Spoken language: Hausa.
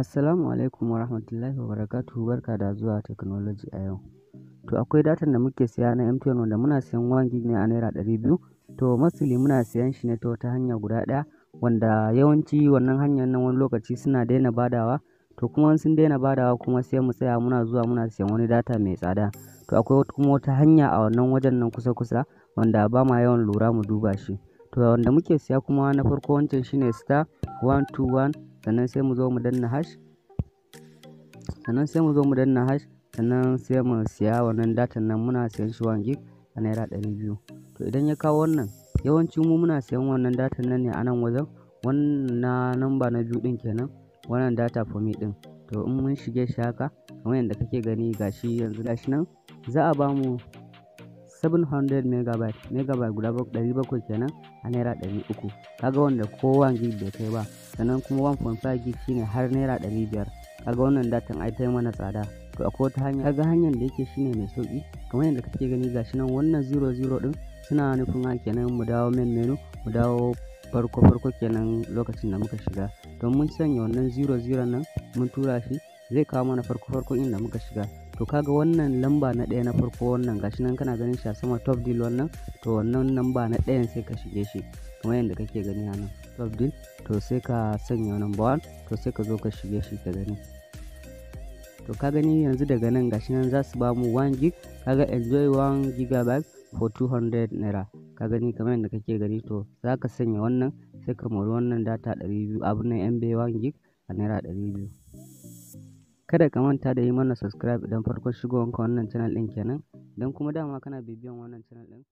Assalamu alaikum wa rahmatullahi wa barakatu. barka da zuwa technology a yau. To akwai datan da muke siya na MTN wanda muna siyan 1 gig ne a naira ɗari biyu. To mostly muna siyan shi ne ta wata hanya guda ɗaya wanda yawanci wannan hanyar nan wani lokaci suna daina badawa. To kuma in sun daina badawa kuma sai mu tsaya muna zuwa muna siyan wani data mai tsada. To akwai kuma wata hanya a wannan wajen nan kusa kusa wanda ba ma yawan lura mu duba shi. To wanda muke siya kuma na farko wancan shine star 121 sannan sai mu zo mu danna hash sannan sai mu zo mu danna hash sannan sai mu siya wannan datan nan muna siyan shi 1 gig a naira 200 biyu to idan ya kawo wannan yawanci mu muna siyan wannan datan nan ne a nan wajen wannan namba na biyu ɗin kenan wannan data for me ɗin to in mun shige shi haka kamar yadda kake gani gashi yanzu gashi nan za a bamu 700 megabyte megabyte guda 700 kenan a naira 300 kaga wanda kowa gig bai kai ba sannan kuma 1.5 gig shine har naira 500 kaga wannan datan ai ta mana tsada to akwai wata hanya kaga hanyar da yake shine mai sauki kamar yadda kake gani gashi nan wannan 00 din suna nufin ha kenan mu dawo main menu mu dawo farko farko kenan lokacin da muka shiga don mun sanya wannan 00 nan mun tura shi zai kawo mana farko farko inda muka shiga to kaga wannan lamba na ɗaya na farko wannan gashi nan kana ganin shi a sama top deal wannan to wannan lamba na ɗayan sai ka shige shi kamar yadda kake gani a nan top deal to sai ka sanya number one to sai ka zo ka shige shi ka gani to ka gani yanzu daga nan gashi nan za su ba mu 1 gig kaga enjoy 1 gigabyte for 200 naira ka gani kamar yadda kake gani to za ka sanya wannan sai ka mori wannan data 200 abin nan mb 1 gig a naira 200 kada ka manta da yi mana subscribe idan farkon shigowanka wannan channel ɗin kenan don kuma dama kana bibiyan wannan channel din